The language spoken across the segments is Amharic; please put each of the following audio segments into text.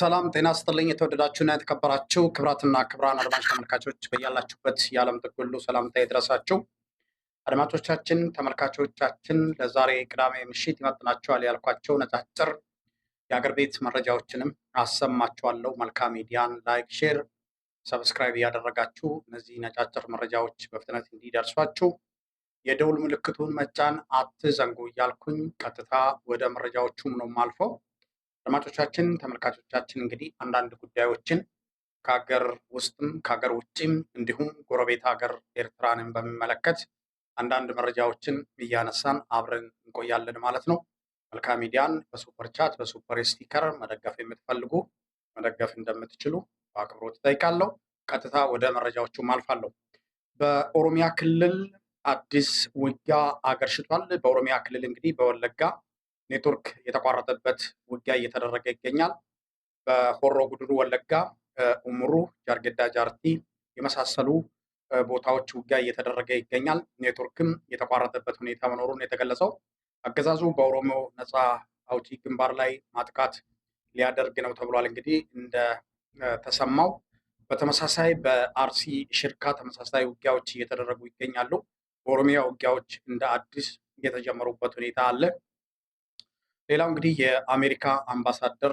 ሰላም ጤና ስጥልኝ። የተወደዳችሁና የተከበራችሁ ክብራትና ክብራን አድማጭ ተመልካቾች በያላችሁበት የዓለም ጥግ ሁሉ ሰላምታ የደረሳችሁ አድማጮቻችን፣ ተመልካቾቻችን ለዛሬ ቅዳሜ ምሽት ይመጥናቸዋል ያልኳቸው ነጫጭር የአገር ቤት መረጃዎችንም አሰማችኋለሁ። መልካም ሚዲያን ላይክ፣ ሼር፣ ሰብስክራይብ እያደረጋችሁ እነዚህ ነጫጭር መረጃዎች በፍጥነት እንዲደርሷችሁ የደውል ምልክቱን መጫን አትዘንጉ እያልኩኝ ቀጥታ ወደ መረጃዎቹም ነው የማልፈው። አድማጮቻችን ተመልካቾቻችን እንግዲህ አንዳንድ ጉዳዮችን ከሀገር ውስጥም ከሀገር ውጭም እንዲሁም ጎረቤት ሀገር ኤርትራንም በሚመለከት አንዳንድ መረጃዎችን እያነሳን አብረን እንቆያለን ማለት ነው። መልካም ሚዲያን በሱፐር ቻት በሱፐር ስቲከር መደገፍ የምትፈልጉ መደገፍ እንደምትችሉ በአክብሮት እጠይቃለሁ። ቀጥታ ወደ መረጃዎቹም አልፋለሁ። በኦሮሚያ ክልል አዲስ ውጊያ አገርሽቷል። በኦሮሚያ ክልል እንግዲህ በወለጋ ኔትወርክ የተቋረጠበት ውጊያ እየተደረገ ይገኛል። በሆሮ ጉድሩ ወለጋ፣ ኡምሩ፣ ጃርጌዳ፣ ጃርቲ የመሳሰሉ ቦታዎች ውጊያ እየተደረገ ይገኛል። ኔትወርክም የተቋረጠበት ሁኔታ መኖሩን የተገለጸው አገዛዙ በኦሮሞ ነፃ አውጪ ግንባር ላይ ማጥቃት ሊያደርግ ነው ተብሏል። እንግዲህ እንደተሰማው በተመሳሳይ በአርሲ ሽርካ ተመሳሳይ ውጊያዎች እየተደረጉ ይገኛሉ። በኦሮሚያ ውጊያዎች እንደ አዲስ የተጀመሩበት ሁኔታ አለ። ሌላው እንግዲህ የአሜሪካ አምባሳደር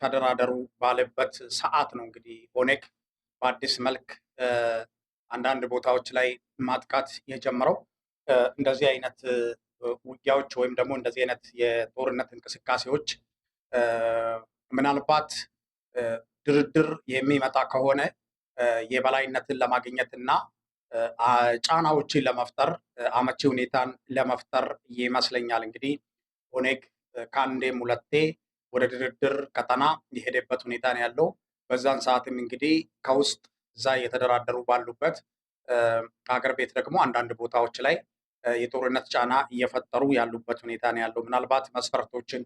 ተደራደሩ ባለበት ሰዓት ነው እንግዲህ ኦኔግ በአዲስ መልክ አንዳንድ ቦታዎች ላይ ማጥቃት የጀመረው። እንደዚህ አይነት ውጊያዎች ወይም ደግሞ እንደዚህ አይነት የጦርነት እንቅስቃሴዎች ምናልባት ድርድር የሚመጣ ከሆነ የበላይነትን ለማግኘት እና ጫናዎችን ለመፍጠር አመቺ ሁኔታን ለመፍጠር ይመስለኛል እንግዲህ ኦኔግ ከአንዴም ሁለቴ ወደ ድርድር ቀጠና የሄደበት ሁኔታ ነው ያለው። በዛን ሰዓትም እንግዲህ ከውስጥ እዛ እየተደራደሩ ባሉበት ከሀገር ቤት ደግሞ አንዳንድ ቦታዎች ላይ የጦርነት ጫና እየፈጠሩ ያሉበት ሁኔታ ነው ያለው። ምናልባት መስፈርቶችን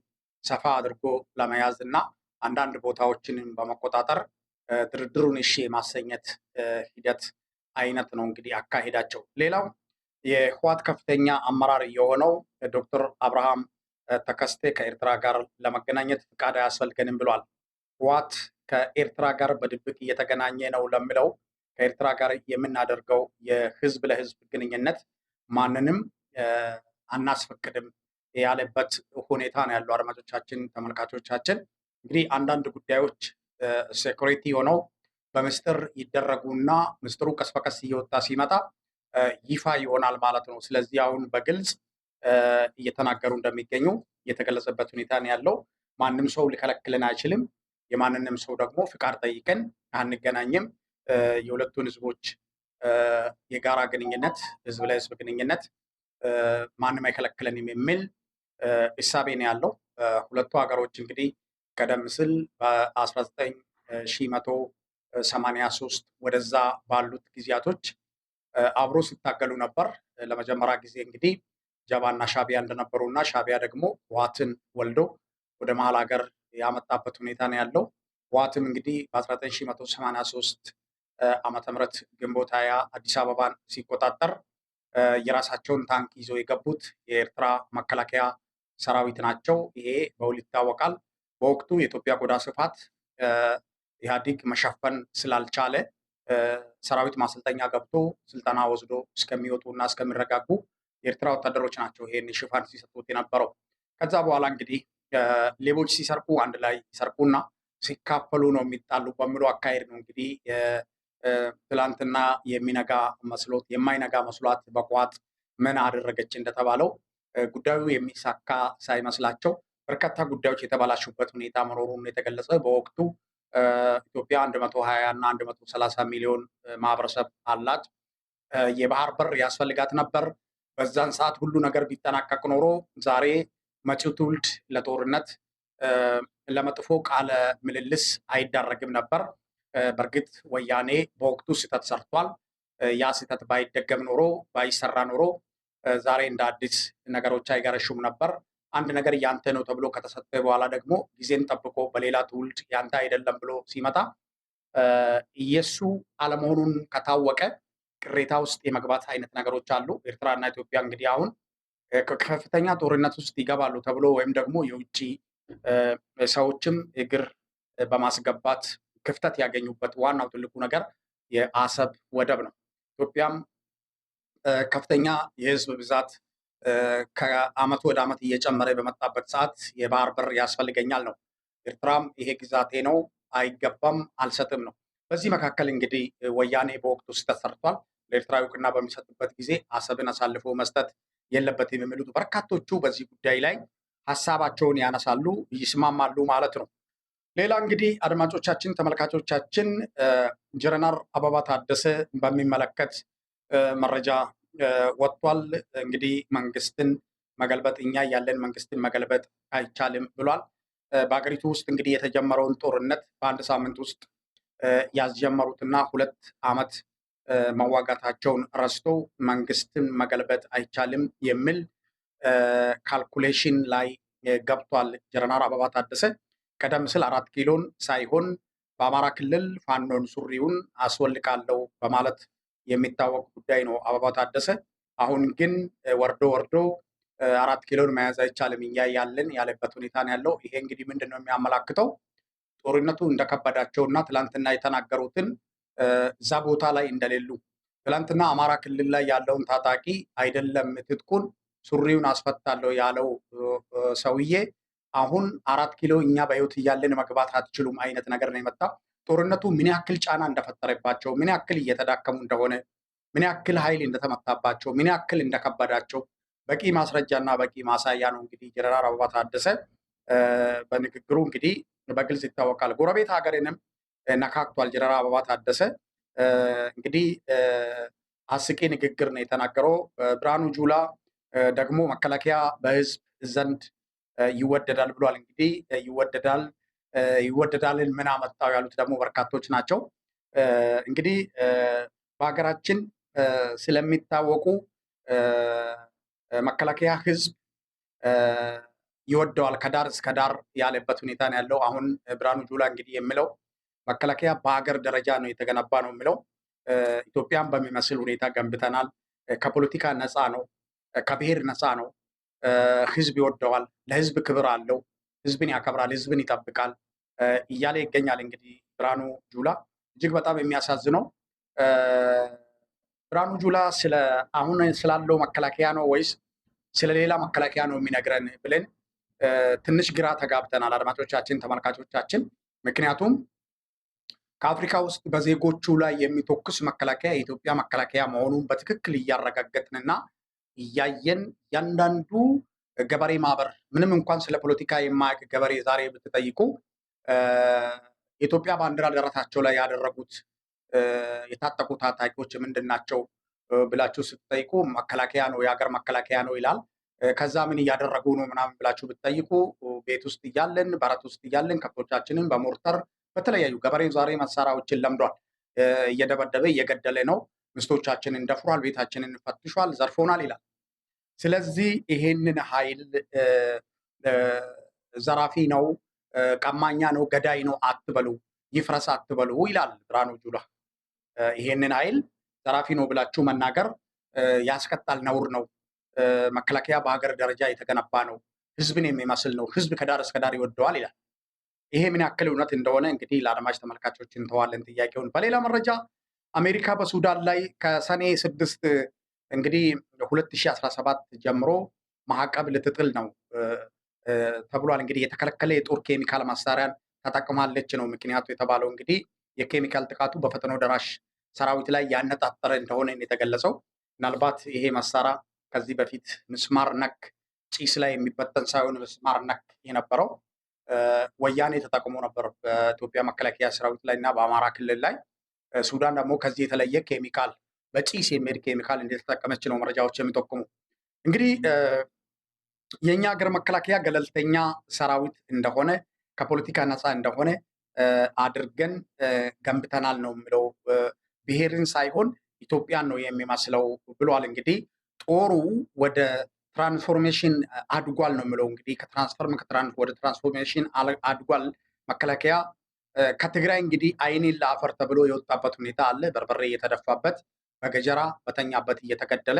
ሰፋ አድርጎ ለመያዝ እና አንዳንድ ቦታዎችንም በመቆጣጠር ድርድሩን እሺ የማሰኘት ሂደት አይነት ነው እንግዲህ አካሄዳቸው። ሌላው የህዋት ከፍተኛ አመራር የሆነው ዶክተር አብርሃም ተከስቴ ከኤርትራ ጋር ለመገናኘት ፍቃድ አያስፈልገንም ብሏል። ህዋት ከኤርትራ ጋር በድብቅ እየተገናኘ ነው ለሚለው ከኤርትራ ጋር የምናደርገው የህዝብ ለህዝብ ግንኙነት ማንንም አናስፈቅድም ያለበት ሁኔታ ነው ያለው። አድማጮቻችን፣ ተመልካቾቻችን እንግዲህ አንዳንድ ጉዳዮች ሴኩሪቲ ሆነው በምስጢር ይደረጉና ምስጢሩ ቀስ በቀስ እየወጣ ሲመጣ ይፋ ይሆናል ማለት ነው። ስለዚህ አሁን በግልጽ እየተናገሩ እንደሚገኙ እየተገለጸበት ሁኔታ ነው ያለው። ማንም ሰው ሊከለክልን አይችልም። የማንንም ሰው ደግሞ ፍቃድ ጠይቀን አንገናኝም። የሁለቱን ህዝቦች የጋራ ግንኙነት፣ ህዝብ ለህዝብ ግንኙነት ማንም አይከለክለንም የሚል እሳቤ ነው ያለው። ሁለቱ ሀገሮች እንግዲህ ቀደም ሲል በ ሶስት ወደዛ ባሉት ጊዜያቶች አብሮ ሲታገሉ ነበር። ለመጀመሪያ ጊዜ እንግዲህ ጃባና ሻቢያ እንደነበሩ እና ሻቢያ ደግሞ ህዋትን ወልዶ ወደ መሀል ሀገር ያመጣበት ሁኔታ ነው ያለው። ህዋትም እንግዲህ በ1983 ዓመተ ምህረት ግንቦት ሃያ አዲስ አበባን ሲቆጣጠር የራሳቸውን ታንክ ይዘው የገቡት የኤርትራ መከላከያ ሰራዊት ናቸው። ይሄ በውል ይታወቃል። በወቅቱ የኢትዮጵያ ቆዳ ስፋት ኢህአዲግ መሸፈን ስላልቻለ ሰራዊት ማሰልጠኛ ገብቶ ስልጠና ወስዶ እስከሚወጡ እና እስከሚረጋጉ የኤርትራ ወታደሮች ናቸው ይሄን ሽፋን ሲሰጡት የነበረው። ከዛ በኋላ እንግዲህ ሌቦች ሲሰርቁ አንድ ላይ ሲሰርቁና ሲካፈሉ ነው የሚጣሉ በሚሉ አካሄድ ነው እንግዲህ ትላንትና የሚነጋ መስሎት የማይነጋ መስሏት በቋት ምን አደረገች እንደተባለው ጉዳዩ የሚሳካ ሳይመስላቸው በርካታ ጉዳዮች የተበላሹበት ሁኔታ መኖሩን የተገለጸ በወቅቱ ኢትዮጵያ 120 እና 130 ሚሊዮን ማህበረሰብ አላት። የባህር በር ያስፈልጋት ነበር። በዛን ሰዓት ሁሉ ነገር ቢጠናቀቅ ኖሮ ዛሬ መጪው ትውልድ ለጦርነት ለመጥፎ ቃለ ምልልስ አይዳረግም ነበር። በእርግጥ ወያኔ በወቅቱ ስህተት ሰርቷል። ያ ስህተት ባይደገም ኖሮ ባይሰራ ኖሮ ዛሬ እንደ አዲስ ነገሮች አይገረሹም ነበር። አንድ ነገር ያንተ ነው ተብሎ ከተሰጠ በኋላ ደግሞ ጊዜን ጠብቆ በሌላ ትውልድ ያንተ አይደለም ብሎ ሲመጣ የሱ አለመሆኑን ከታወቀ ቅሬታ ውስጥ የመግባት አይነት ነገሮች አሉ። ኤርትራና ኢትዮጵያ እንግዲህ አሁን ከፍተኛ ጦርነት ውስጥ ይገባሉ ተብሎ ወይም ደግሞ የውጭ ሰዎችም እግር በማስገባት ክፍተት ያገኙበት ዋናው ትልቁ ነገር የአሰብ ወደብ ነው። ኢትዮጵያም ከፍተኛ የህዝብ ብዛት ከአመት ወደ አመት እየጨመረ በመጣበት ሰዓት የባህር በር ያስፈልገኛል ነው። ኤርትራም ይሄ ግዛቴ ነው፣ አይገባም፣ አልሰጥም ነው። በዚህ መካከል እንግዲህ ወያኔ በወቅቱ ውስጥ ተሰርቷል። ለኤርትራ እውቅና በሚሰጥበት ጊዜ አሰብን አሳልፎ መስጠት የለበትም የሚሉት በርካቶቹ በዚህ ጉዳይ ላይ ሀሳባቸውን ያነሳሉ፣ ይስማማሉ ማለት ነው። ሌላ እንግዲህ አድማጮቻችን፣ ተመልካቾቻችን ጀነራል አበባ ታደሰ በሚመለከት መረጃ ወጥቷል። እንግዲህ መንግስትን መገልበጥ እኛ ያለን መንግስትን መገልበጥ አይቻልም ብሏል። በሀገሪቱ ውስጥ እንግዲህ የተጀመረውን ጦርነት በአንድ ሳምንት ውስጥ ያስጀመሩትና ሁለት ዓመት መዋጋታቸውን ረስቶ መንግስትን መገልበጥ አይቻልም የሚል ካልኩሌሽን ላይ ገብቷል። ጀነራል አበባ ታደሰ ቀደም ሲል አራት ኪሎን ሳይሆን በአማራ ክልል ፋኖን ሱሪውን አስወልቃለሁ በማለት የሚታወቅ ጉዳይ ነው አበባ ታደሰ። አሁን ግን ወርዶ ወርዶ አራት ኪሎን መያዝ አይቻልም እያያለን ያለበት ሁኔታ ነው ያለው። ይሄ እንግዲህ ምንድን ነው የሚያመላክተው ጦርነቱ እንደከበዳቸው እና ትላንትና የተናገሩትን እዛ ቦታ ላይ እንደሌሉ ትላንትና አማራ ክልል ላይ ያለውን ታጣቂ አይደለም ትጥቁን ሱሪውን አስፈታለሁ ያለው ሰውዬ አሁን አራት ኪሎ እኛ በህይወት እያለን መግባት አትችሉም አይነት ነገር ነው የመጣ። ጦርነቱ ምን ያክል ጫና እንደፈጠረባቸው፣ ምን ያክል እየተዳከሙ እንደሆነ፣ ምን ያክል ኃይል እንደተመታባቸው፣ ምን ያክል እንደከበዳቸው በቂ ማስረጃና በቂ ማሳያ ነው። እንግዲህ ጀነራል አበባ ታደሰ በንግግሩ እንግዲህ በግልጽ ይታወቃል። ጎረቤት ሀገርንም ነካክቷል። ጀነራል አበባ ታደሰ እንግዲህ አስቂ ንግግር ነው የተናገረው። ብርሃኑ ጁላ ደግሞ መከላከያ በህዝብ ዘንድ ይወደዳል ብሏል። እንግዲህ ይወደዳል ይወደዳልን ምን አመጣው ያሉት ደግሞ በርካቶች ናቸው። እንግዲህ በሀገራችን ስለሚታወቁ መከላከያ ህዝብ ይወደዋል ከዳር እስከ ዳር ያለበት ሁኔታ ነው ያለው። አሁን ብርሃኑ ጁላ እንግዲህ የሚለው መከላከያ በሀገር ደረጃ ነው የተገነባ ነው የሚለው ኢትዮጵያን በሚመስል ሁኔታ ገንብተናል። ከፖለቲካ ነፃ ነው፣ ከብሔር ነፃ ነው። ህዝብ ይወደዋል፣ ለህዝብ ክብር አለው፣ ህዝብን ያከብራል፣ ህዝብን ይጠብቃል እያለ ይገኛል። እንግዲህ ብርሃኑ ጁላ እጅግ በጣም የሚያሳዝነው ብርሃኑ ጁላ ስለ አሁን ስላለው መከላከያ ነው ወይስ ስለሌላ መከላከያ ነው የሚነግረን ብለን ትንሽ ግራ ተጋብተናል፣ አድማጮቻችን፣ ተመልካቾቻችን ምክንያቱም ከአፍሪካ ውስጥ በዜጎቹ ላይ የሚተኩስ መከላከያ የኢትዮጵያ መከላከያ መሆኑን በትክክል እያረጋገጥንና እያየን እያንዳንዱ ገበሬ ማህበር ምንም እንኳን ስለ ፖለቲካ የማያውቅ ገበሬ ዛሬ ብትጠይቁ የኢትዮጵያ ባንዲራ ደረታቸው ላይ ያደረጉት የታጠቁ ታጣቂዎች ምንድን ናቸው ብላችሁ ስትጠይቁ መከላከያ ነው፣ የሀገር መከላከያ ነው ይላል። ከዛ ምን እያደረጉ ነው ምናምን ብላችሁ ብትጠይቁ ቤት ውስጥ እያለን በረት ውስጥ እያለን ከብቶቻችንን በሞርተር በተለያዩ ገበሬው ዛሬ መሳሪያዎችን ለምዷል። እየደበደበ እየገደለ ነው። ምስቶቻችንን ደፍሯል፣ ቤታችንን ፈትሿል፣ ዘርፎናል ይላል። ስለዚህ ይሄንን ኃይል ዘራፊ ነው፣ ቀማኛ ነው፣ ገዳይ ነው አትበሉ፣ ይፍረስ አትበሉ ይላል ብርሃኑ ጁላ። ይሄንን ኃይል ዘራፊ ነው ብላችሁ መናገር ያስቀጣል፣ ነውር ነው። መከላከያ በሀገር ደረጃ የተገነባ ነው፣ ህዝብን የሚመስል ነው፣ ህዝብ ከዳር እስከ ዳር ይወደዋል ይላል። ይሄ ምን ያክል እውነት እንደሆነ እንግዲህ ለአድማጭ ተመልካቾች እንተዋለን ጥያቄውን። በሌላ መረጃ አሜሪካ በሱዳን ላይ ከሰኔ ስድስት እንግዲህ ሰባት ጀምሮ ማዕቀብ ልትጥል ነው ተብሏል። እንግዲህ የተከለከለ የጦር ኬሚካል መሳሪያን ተጠቅማለች ነው ምክንያቱ የተባለው። እንግዲህ የኬሚካል ጥቃቱ በፈጥኖ ደራሽ ሰራዊት ላይ ያነጣጠረ እንደሆነ የተገለጸው ምናልባት ይሄ መሳሪያ ከዚህ በፊት ምስማር ነክ ጭስ ላይ የሚበተን ሳይሆን ምስማር ነክ የነበረው ወያኔ ተጠቅሞ ነበር በኢትዮጵያ መከላከያ ሰራዊት ላይ እና በአማራ ክልል ላይ። ሱዳን ደግሞ ከዚህ የተለየ ኬሚካል በጭስ የሚሄድ ኬሚካል እንደተጠቀመች ነው መረጃዎች የሚጠቁሙ። እንግዲህ የእኛ ሀገር መከላከያ ገለልተኛ ሰራዊት እንደሆነ ከፖለቲካ ነፃ እንደሆነ አድርገን ገንብተናል ነው የሚለው። ብሔርን ሳይሆን ኢትዮጵያን ነው የሚመስለው ብሏል። እንግዲህ ጦሩ ወደ ትራንስፎርሜሽን አድጓል ነው የምለው። እንግዲህ ከትራንስፈርም ወደ ትራንስፎርሜሽን አድጓል መከላከያ ከትግራይ እንግዲህ አይኔን ለአፈር ተብሎ የወጣበት ሁኔታ አለ። በርበሬ እየተደፋበት በገጀራ በተኛበት እየተገደለ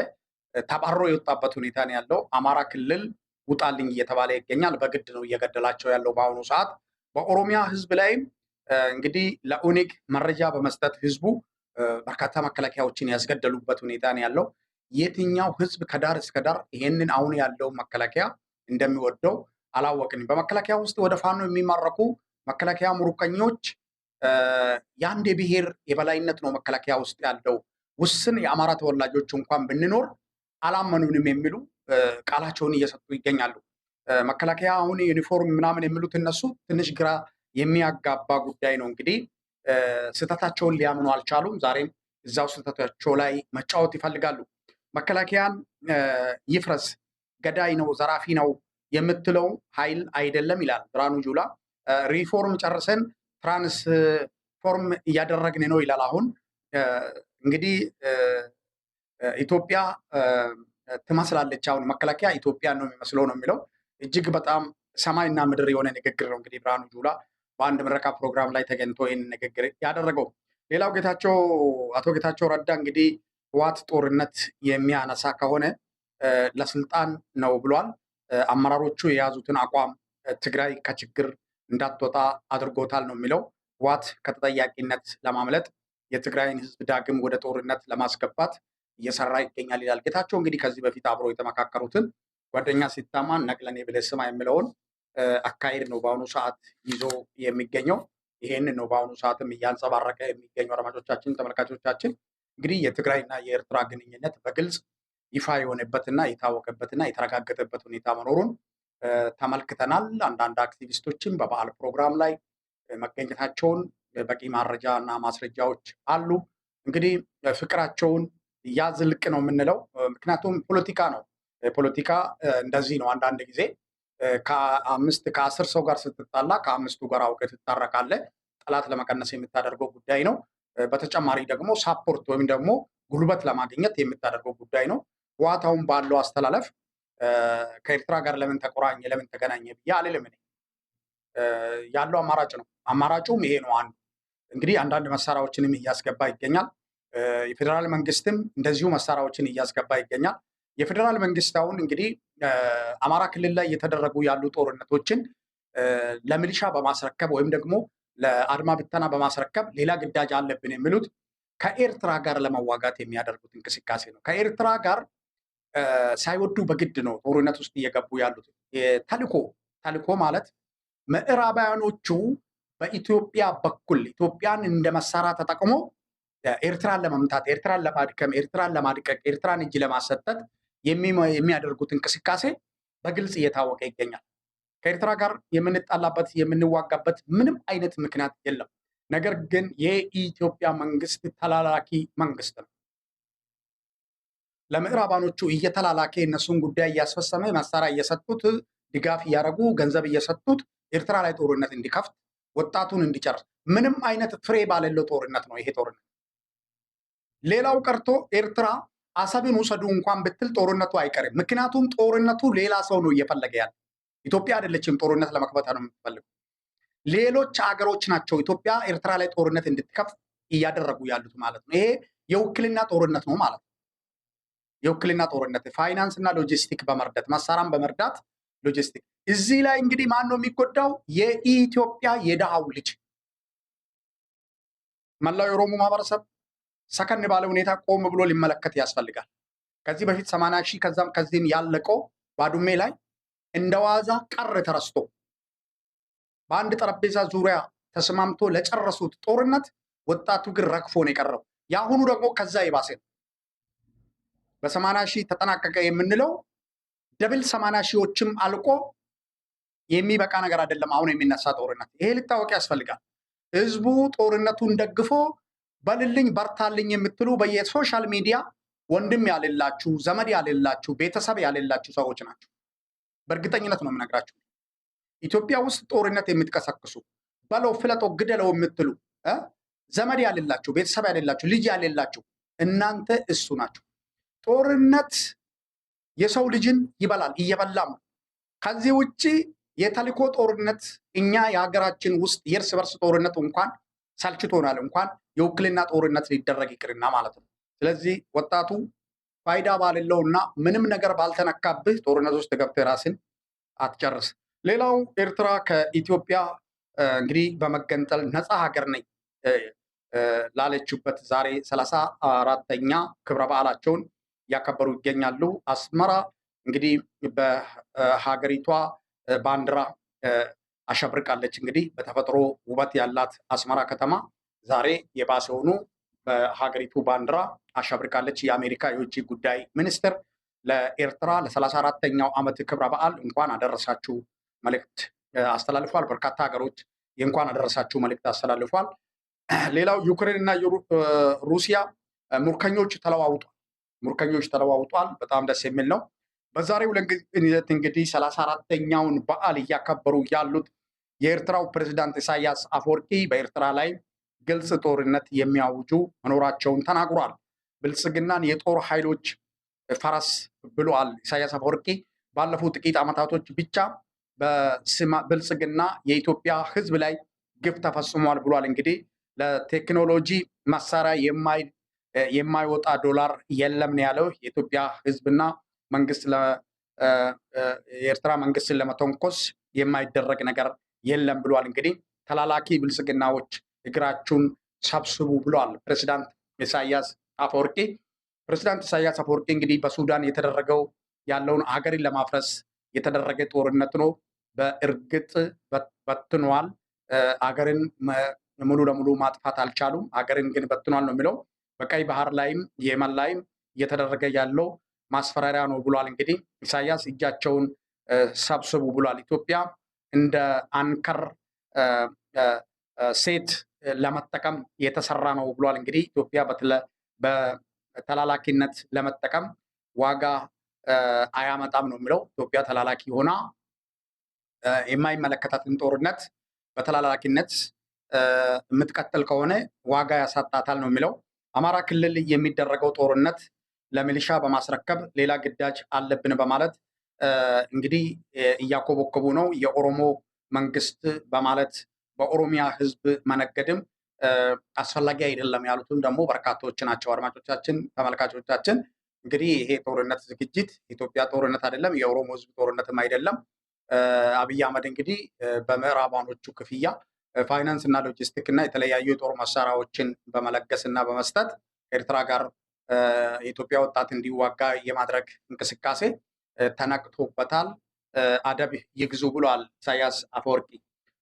ተባሮ የወጣበት ሁኔታ ነው ያለው። አማራ ክልል ውጣልኝ እየተባለ ይገኛል። በግድ ነው እየገደላቸው ያለው በአሁኑ ሰዓት። በኦሮሚያ ህዝብ ላይም እንግዲህ ለኦኔግ መረጃ በመስጠት ህዝቡ በርካታ መከላከያዎችን ያስገደሉበት ሁኔታ ነው ያለው። የትኛው ህዝብ ከዳር እስከ ዳር ይሄንን አሁን ያለው መከላከያ እንደሚወደው አላወቅንም። በመከላከያ ውስጥ ወደ ፋኖ የሚማረኩ መከላከያ ሙሩቀኞች የአንድ የብሔር የበላይነት ነው መከላከያ ውስጥ ያለው። ውስን የአማራ ተወላጆች እንኳን ብንኖር አላመኑንም የሚሉ ቃላቸውን እየሰጡ ይገኛሉ። መከላከያ አሁን ዩኒፎርም ምናምን የሚሉት እነሱ ትንሽ ግራ የሚያጋባ ጉዳይ ነው። እንግዲህ ስህተታቸውን ሊያምኑ አልቻሉም። ዛሬም እዛው ስህተታቸው ላይ መጫወት ይፈልጋሉ። መከላከያን ይፍረስ፣ ገዳይ ነው፣ ዘራፊ ነው የምትለው ኃይል አይደለም ይላል ብርሃኑ ጁላ። ሪፎርም ጨርሰን ትራንስፎርም እያደረግን ነው ይላል። አሁን እንግዲህ ኢትዮጵያ ትመስላለች። አሁን መከላከያ ኢትዮጵያ ነው የሚመስለው ነው የሚለው እጅግ በጣም ሰማይና ምድር የሆነ ንግግር ነው። እንግዲህ ብርሃኑ ጁላ በአንድ ምረቃ ፕሮግራም ላይ ተገኝቶ ይህን ንግግር ያደረገው። ሌላው ጌታቸው አቶ ጌታቸው ረዳ እንግዲህ ህወሓት ጦርነት የሚያነሳ ከሆነ ለስልጣን ነው ብሏል። አመራሮቹ የያዙትን አቋም ትግራይ ከችግር እንዳትወጣ አድርጎታል ነው የሚለው። ህወሓት ከተጠያቂነት ለማምለጥ የትግራይን ህዝብ ዳግም ወደ ጦርነት ለማስገባት እየሰራ ይገኛል ይላል ጌታቸው። እንግዲህ ከዚህ በፊት አብሮ የተመካከሩትን ጓደኛ ሲታማ ነቅለኔ የብለህ ስማ የሚለውን አካሄድ ነው በአሁኑ ሰዓት ይዞ የሚገኘው። ይሄን ነው በአሁኑ ሰዓትም እያንጸባረቀ የሚገኘው። አድማጮቻችን፣ ተመልካቾቻችን እንግዲህ የትግራይና የኤርትራ ግንኙነት በግልጽ ይፋ የሆነበትና የታወቀበትና የተረጋገጠበት ሁኔታ መኖሩን ተመልክተናል። አንዳንድ አክቲቪስቶችም በበዓል ፕሮግራም ላይ መገኘታቸውን በቂ ማረጃ እና ማስረጃዎች አሉ። እንግዲህ ፍቅራቸውን ያዝልቅ ነው የምንለው፣ ምክንያቱም ፖለቲካ ነው። ፖለቲካ እንደዚህ ነው። አንዳንድ ጊዜ ከአምስት ከአስር ሰው ጋር ስትጣላ ከአምስቱ ጋር አውቀ ትታረቃለ ጠላት ለመቀነስ የምታደርገው ጉዳይ ነው። በተጨማሪ ደግሞ ሳፖርት ወይም ደግሞ ጉልበት ለማግኘት የምታደርገው ጉዳይ ነው። ዋታውን ባለው አስተላለፍ ከኤርትራ ጋር ለምን ተቆራኘ፣ ለምን ተገናኘ ብዬ አልልም። ያለው አማራጭ ነው። አማራጩም ይሄ ነው። አንዱ እንግዲህ አንዳንድ መሳሪያዎችንም እያስገባ ይገኛል። የፌዴራል መንግስትም እንደዚሁ መሳሪያዎችን እያስገባ ይገኛል። የፌዴራል መንግስት አሁን እንግዲህ አማራ ክልል ላይ እየተደረጉ ያሉ ጦርነቶችን ለሚሊሻ በማስረከብ ወይም ደግሞ ለአድማ ብተና በማስረከብ ሌላ ግዳጅ አለብን የሚሉት ከኤርትራ ጋር ለመዋጋት የሚያደርጉት እንቅስቃሴ ነው። ከኤርትራ ጋር ሳይወዱ በግድ ነው ጦርነት ውስጥ እየገቡ ያሉት። ተልኮ ተልኮ ማለት ምዕራባውያኖቹ በኢትዮጵያ በኩል ኢትዮጵያን እንደ መሳሪያ ተጠቅሞ ኤርትራን ለመምታት፣ ኤርትራን ለማድከም፣ ኤርትራን ለማድቀቅ፣ ኤርትራን እጅ ለማሰጠት የሚያደርጉት እንቅስቃሴ በግልጽ እየታወቀ ይገኛል። ከኤርትራ ጋር የምንጣላበት የምንዋጋበት ምንም አይነት ምክንያት የለም። ነገር ግን የኢትዮጵያ መንግስት ተላላኪ መንግስት ነው። ለምዕራባኖቹ እየተላላከ የእነሱን ጉዳይ እያስፈሰመ መሳሪያ እየሰጡት ድጋፍ እያደረጉ ገንዘብ እየሰጡት ኤርትራ ላይ ጦርነት እንዲከፍት ወጣቱን እንዲጨርስ ምንም አይነት ፍሬ ባለለው ጦርነት ነው ይሄ ጦርነት። ሌላው ቀርቶ ኤርትራ አሰብን ውሰዱ እንኳን ብትል ጦርነቱ አይቀርም። ምክንያቱም ጦርነቱ ሌላ ሰው ነው እየፈለገ ያለ ኢትዮጵያ አይደለችም ጦርነት ለመክፈት ነው የምትፈልገው። ሌሎች አገሮች ናቸው ኢትዮጵያ ኤርትራ ላይ ጦርነት እንድትከፍት እያደረጉ ያሉት ማለት ነው። ይሄ የውክልና ጦርነት ነው ማለት ነው። የውክልና ጦርነት ፋይናንስ እና ሎጂስቲክ በመርዳት መሳራም በመርዳት ሎጂስቲክ። እዚህ ላይ እንግዲህ ማን ነው የሚጎዳው? የኢትዮጵያ የድሃው ልጅ መላው የኦሮሞ ማህበረሰብ ሰከን ባለ ሁኔታ ቆም ብሎ ሊመለከት ያስፈልጋል። ከዚህ በፊት ሰማንያ ሺህ ከዛም ከዚህም ያለቀው ባዱሜ ላይ እንደ ዋዛ ቀር ተረስቶ በአንድ ጠረጴዛ ዙሪያ ተስማምቶ ለጨረሱት ጦርነት ወጣቱ ግን ረግፎ ነው የቀረው። የአሁኑ ደግሞ ከዛ የባሰ ነው። በሰማንያ ሺህ ተጠናቀቀ የምንለው ደብል ሰማንያ ሺዎችም አልቆ የሚበቃ ነገር አይደለም። አሁን የሚነሳ ጦርነት ይሄ ሊታወቅ ያስፈልጋል። ህዝቡ ጦርነቱን ደግፎ በልልኝ በርታልኝ የምትሉ በየሶሻል ሚዲያ ወንድም ያሌላችሁ፣ ዘመድ ያሌላችሁ፣ ቤተሰብ ያሌላችሁ ሰዎች ናቸው። በእርግጠኝነት ነው የምነግራችሁ። ኢትዮጵያ ውስጥ ጦርነት የምትቀሰቅሱ በለው ፍለጦ ግደለው የምትሉ ዘመድ ያሌላችሁ፣ ቤተሰብ ያሌላችሁ፣ ልጅ ያሌላችሁ እናንተ እሱ ናችሁ። ጦርነት የሰው ልጅን ይበላል፣ እየበላም ነው። ከዚህ ውጭ የተልኮ ጦርነት እኛ የሀገራችን ውስጥ የእርስ በርስ ጦርነት እንኳን ሰልችቶናል፣ እንኳን የውክልና ጦርነት ሊደረግ ይቅርና ማለት ነው። ስለዚህ ወጣቱ ፋይዳ ባልለውና እና ምንም ነገር ባልተነካብህ ጦርነት ውስጥ ገብተህ ራስን አትጨርስ። ሌላው ኤርትራ ከኢትዮጵያ እንግዲህ በመገንጠል ነፃ ሀገር ነኝ ላለችበት ዛሬ ሰላሳ አራተኛ ክብረ በዓላቸውን እያከበሩ ይገኛሉ። አስመራ እንግዲህ በሀገሪቷ ባንዲራ አሸብርቃለች። እንግዲህ በተፈጥሮ ውበት ያላት አስመራ ከተማ ዛሬ የባሰ የሆኑ በሀገሪቱ ባንዲራ አሸብርቃለች። የአሜሪካ የውጭ ጉዳይ ሚኒስትር ለኤርትራ ለሰላሳ አራተኛው ዓመት ክብረ በዓል እንኳን አደረሳችሁ መልእክት አስተላልፏል። በርካታ ሀገሮች የእንኳን አደረሳችሁ መልእክት አስተላልፏል። ሌላው ዩክሬን እና ሩሲያ ሙርከኞች ተለዋውጧል ሙርከኞች ተለዋውጧል። በጣም ደስ የሚል ነው። በዛሬው ለንግት እንግዲህ ሰላሳ አራተኛውን በዓል እያከበሩ ያሉት የኤርትራው ፕሬዚዳንት ኢሳያስ አፈወርቂ በኤርትራ ላይ ግልጽ ጦርነት የሚያውጁ መኖራቸውን ተናግሯል። ብልጽግናን የጦር ኃይሎች ፈረስ ብሏል። ኢሳያስ አፈወርቂ ባለፉት ጥቂት ዓመታቶች ብቻ ብልጽግና የኢትዮጵያ ሕዝብ ላይ ግፍ ተፈጽሟል ብሏል። እንግዲህ ለቴክኖሎጂ መሳሪያ የማይወጣ ዶላር የለም ነው ያለው። የኢትዮጵያ ሕዝብና መንግስት የኤርትራ መንግስትን ለመተንኮስ የማይደረግ ነገር የለም ብሏል። እንግዲህ ተላላኪ ብልጽግናዎች እግራችሁን ሰብስቡ ብለዋል ፕሬዚዳንት ኢሳያስ አፈወርቂ። ፕሬዚዳንት ኢሳያስ አፈወርቂ እንግዲህ በሱዳን የተደረገው ያለውን ሀገርን ለማፍረስ የተደረገ ጦርነት ነው። በእርግጥ በትኗል። አገርን ሙሉ ለሙሉ ማጥፋት አልቻሉም። አገርን ግን በትኗል ነው የሚለው። በቀይ ባህር ላይም የመን ላይም እየተደረገ ያለው ማስፈራሪያ ነው ብሏል። እንግዲህ ኢሳያስ እጃቸውን ሰብስቡ ብሏል። ኢትዮጵያ እንደ አንከር ሴት ለመጠቀም የተሰራ ነው ብሏል። እንግዲህ ኢትዮጵያ በተላላኪነት ለመጠቀም ዋጋ አያመጣም ነው የሚለው። ኢትዮጵያ ተላላኪ ሆና የማይመለከታትን ጦርነት በተላላኪነት የምትቀጥል ከሆነ ዋጋ ያሳጣታል ነው የሚለው። አማራ ክልል የሚደረገው ጦርነት ለሚሊሻ በማስረከብ ሌላ ግዳጅ አለብን በማለት እንግዲህ እያኮበኮቡ ነው የኦሮሞ መንግስት በማለት በኦሮሚያ ህዝብ መነገድም አስፈላጊ አይደለም ያሉትም ደግሞ በርካቶች ናቸው። አድማጮቻችን፣ ተመልካቾቻችን እንግዲህ ይሄ ጦርነት ዝግጅት የኢትዮጵያ ጦርነት አይደለም፣ የኦሮሞ ህዝብ ጦርነትም አይደለም። አብይ አህመድ እንግዲህ በምዕራባኖቹ ክፍያ ፋይናንስ እና ሎጂስቲክ እና የተለያዩ የጦር መሳሪያዎችን በመለገስ እና በመስጠት ኤርትራ ጋር የኢትዮጵያ ወጣት እንዲዋጋ የማድረግ እንቅስቃሴ ተነቅቶበታል። አደብ ይግዙ ብሏል ኢሳያስ አፈወርቂ።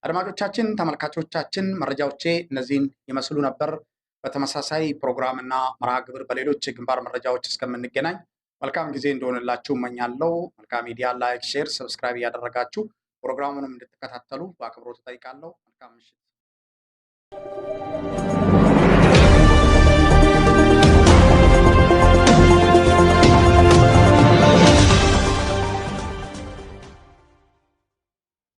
አድማጮቻችን፣ ተመልካቾቻችን መረጃዎቼ እነዚህን ይመስሉ ነበር። በተመሳሳይ ፕሮግራም እና መርሃ ግብር በሌሎች የግንባር መረጃዎች እስከምንገናኝ መልካም ጊዜ እንደሆነላችሁ እመኛለሁ። መልካም ሚዲያ ላይክ፣ ሼር፣ ሰብስክራይብ እያደረጋችሁ ፕሮግራሙንም እንድትከታተሉ በአክብሮት እጠይቃለሁ። መልካም ምሽት።